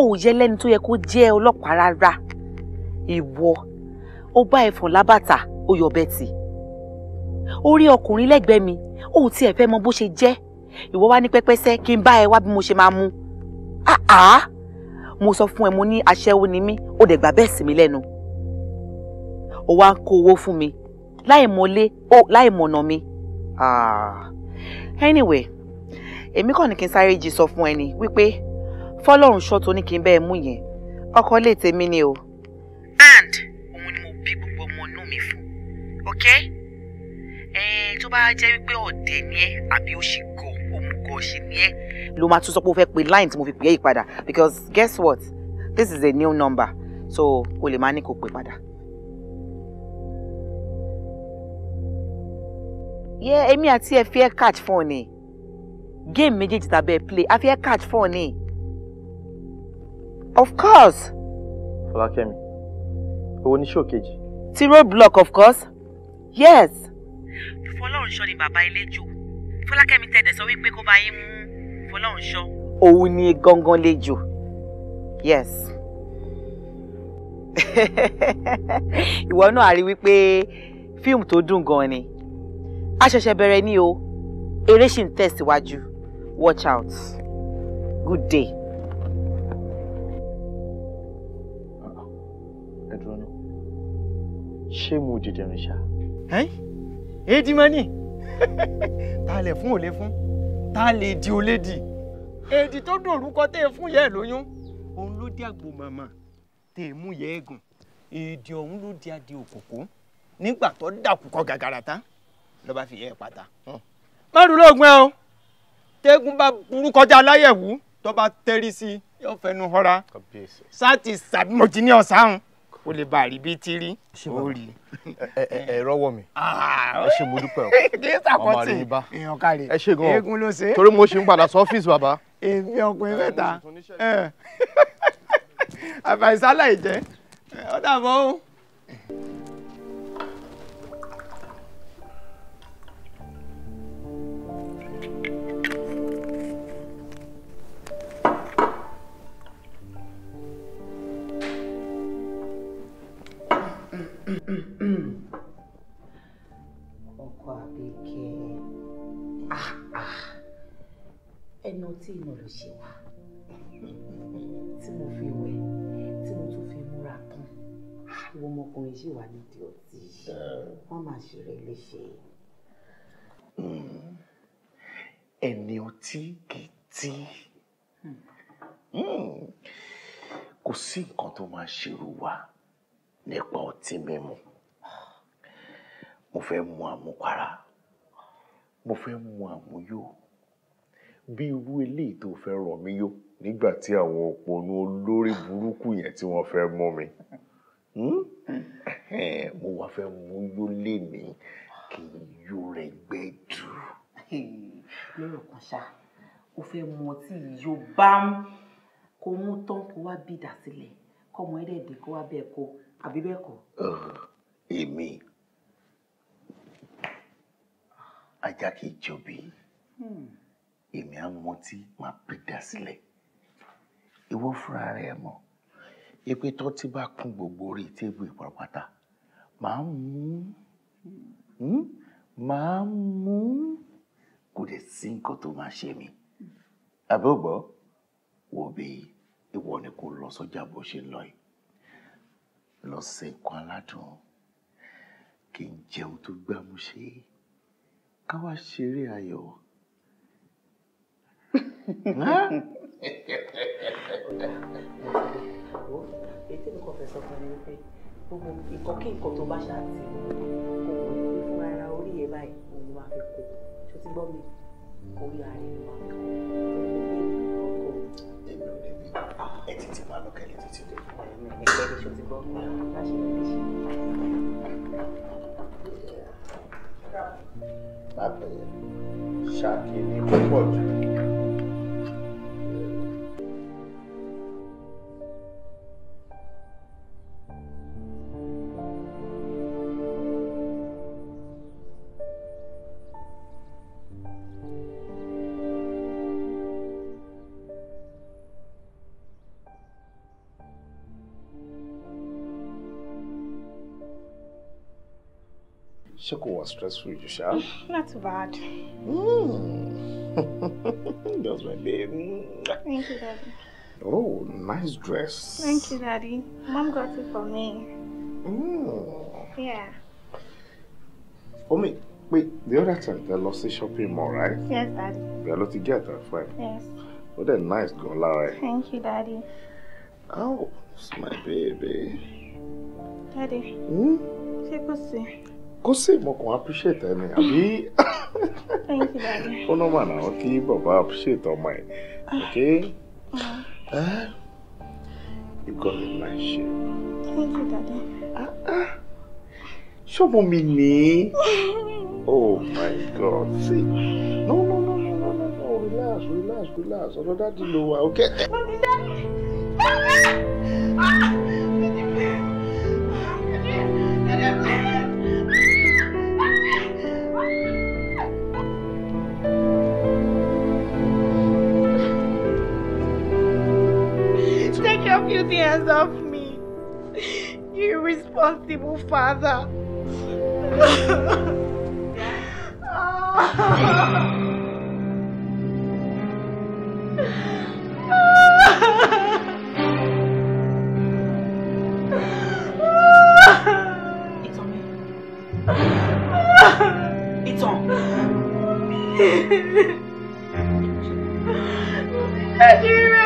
S3: ó yẹ lẹ́ni tó yẹ kó jẹ́ ọlọ́pàá rárá ìwọ ó bá ẹfọ̀n lábàtà ó yọ bẹ́ẹ̀ tì ọkùnrin lẹ́gbẹ̀ẹ́ mi ó ò tiẹ̀ fẹ́ mọ bó ṣe jẹ́ ìwọ wá ní pẹ́pẹ́sẹ́ kí n bá ẹ wá bí mo ṣe máa mu àá mo sọ fún ẹ mo ní aṣẹ́wó ni mí ó dẹ̀ gbà sí mi lẹ́nu ó wá ń kó owó fún mi láì mọlé ó láì mọ̀nà mi anyway èmi kàn ní kí n sáré jí sọ fún ẹni wípé fọlọ́run ṣọ́ tó ní kí n bẹ́ẹ̀ mú yẹn ọkọ lè tèmi ni o husband òun ni mo bí gbogbo ọmọ inú mi fún ok tó bá jẹ́ wípé ọ̀dẹ̀ ni ẹ́ àbí ó ṣì gọ̀ òmùgọ̀ ṣe ni ẹ́. ló máa tún sọ pé ó fẹ́ pe line tí mo fi pè é yìí padà because guess what this is a new number so o lè máa ní kó pè padà. yẹ èmi àti ẹ fi ẹ catch phone ni game méjèèjì tàbí ẹ play àfi ẹ catch phone ni of course. Fọlákẹ́mi èwo ni show kejì. ti roadblock of course yes. fọlọ́runṣọ́ ni bàbá ilé jò fọlákẹ́mi tẹ̀dẹ̀ sọ wípé kó bá yín mú fọlọ́runṣọ́. òun ni gangan lè jò yes. ìwọ náà rí wípé fíìmù tó dùn gan ni a ṣẹ̀ṣẹ̀ bẹ̀rẹ̀ ni o eré ṣì ń tẹ̀síwájú watch out good day.
S1: ṣé mo dìdìrìn ṣá. èdè mọ́nì ta lè fún òlé fún ta lè di olédì èdè tó dùn orúkọ tẹ́ ẹ fún yẹ́ ẹ lóyún òun ló dé àgbò màmá tẹ́ ẹ mú yẹ́ ẹ gùn èdè ọ̀hún ló di adé òkòkò nígbà tó dàkúkọ gàgàrà tán ló bá fi yẹ́ ẹ pátá. márùn lóògùn ẹ o tẹ́gùn bá burú kọjá láyẹ̀wò tó bá tẹ́rí sí i yóò fẹnu họra sáà sàbímọ̀jì ní ọ̀sán ó lè bá àrí bíi tírí ó rí. ẹ rọwọ mi ah, ẹ ṣe mo dúpẹ́ o ọmọ àrí yìí bá ẹ ṣe gan o torí mo ṣe ń padà sọ ọ́fíìsì bàbá. èmi ọkùnrin mẹ́ta eh. àbàìsálà ìjẹ́ ọ̀dà bọ́ o.
S3: ọkọ àbíkẹ́ ah, ah. ẹnu tí iná ló ṣe wá tí mo fi wẹ̀ tí mo tún fi múra tán ìwọ ọmọkùnrin sì wà nídìí ọtí wọn máa ṣe rẹ léṣe.
S1: ẹni ọtí gidi hmm. Hmm. kò sí nǹkan tó máa ṣerú wa. Mm nípa ọtí mímu mo fẹ́ mu àmupara mo fẹ́ mu àmuyó bí irú eléyìí tó fẹ́ rọ̀ mí yó nígbà tí àwọn òpònú olórí burúkú yẹn tí wọ́n fẹ́ mú mi hmm? mo wá fẹ́ mu yó lénìí
S3: kí yó rẹ̀ gbẹ jù. lọ́rọ̀ kan ṣá o fẹ́ mu ọtí yó bámú kó mú tán kó wá bìdà sílẹ̀ kọ́mọ ẹ̀ẹ́dẹ̀ẹ̀dẹ̀ kó wá bẹ́ẹ̀ kó àbí bẹ́ẹ̀ kọ́. èmi ajá kì í jọbi
S2: hmm.
S1: èmi á mọ tí màá pè dá sílẹ̀ ìwọ fúnra rẹ mọ̀ ipe tó ti bá kún gbogbo orí tébù ìpàpàtà màá mú hmm. Hmm? màá mú kò dẹ̀ sí nǹkan tó máa ṣe mí àbí ò gbọ́ wò bí ìwọ ni kò lọ sọ́jà bó ṣe ń lọ yìí lọ ṣe nǹkan aládùn kí n jẹun tó gbámúṣé ká wá ṣeré ayọ̀.
S3: ètò mi kò fẹ́ sọ fún mi wípé gbogbo nǹkan tó bá ṣáàtì kò wọ ìwé fún ara orí ẹ̀ báyìí òun máa fi kó tó ti gbọ́ mi kò rí ààrẹ ló máa fi kó. kẹlẹ títí dé. ẹ̀mí ní
S1: pẹ́ẹ́lí ṣe ti gbọ́ mi láṣẹ ìrẹsì. má bẹ̀rẹ̀ ṣáàkì ní púpọ̀ jù. Shoko was stressful you ṣá. Ah,
S3: not too bad. Mm.
S1: that's my babe.
S3: thank you daddy.
S1: oh nice dress. thank
S3: you daddy mom got it for me.
S1: Mm. yeah. Oh, me. wait the other time they lost the shopping mall right. yes daddy. we are lucky together, that yes. what oh, a nice girl Larry. Right?
S3: thank you daddy. oh
S1: it's my baby. daddy. Hmm?
S3: Take a seat.
S1: kó sì mọkàn appreciate ẹni àbí ó nọ́mà náà kí bàbá appreciate ọmọ ẹ̀ ok because ah. eh? of my shit. thank you
S2: dada. Ah, ah.
S1: ṣọ́bù mi ni oh my god see no no no no no no relax relax relax ọ̀dọ̀ dáàdi ló wà ok. mo ti dá.
S3: hands off me. You irresponsible father. It's on me. It's on.
S2: Did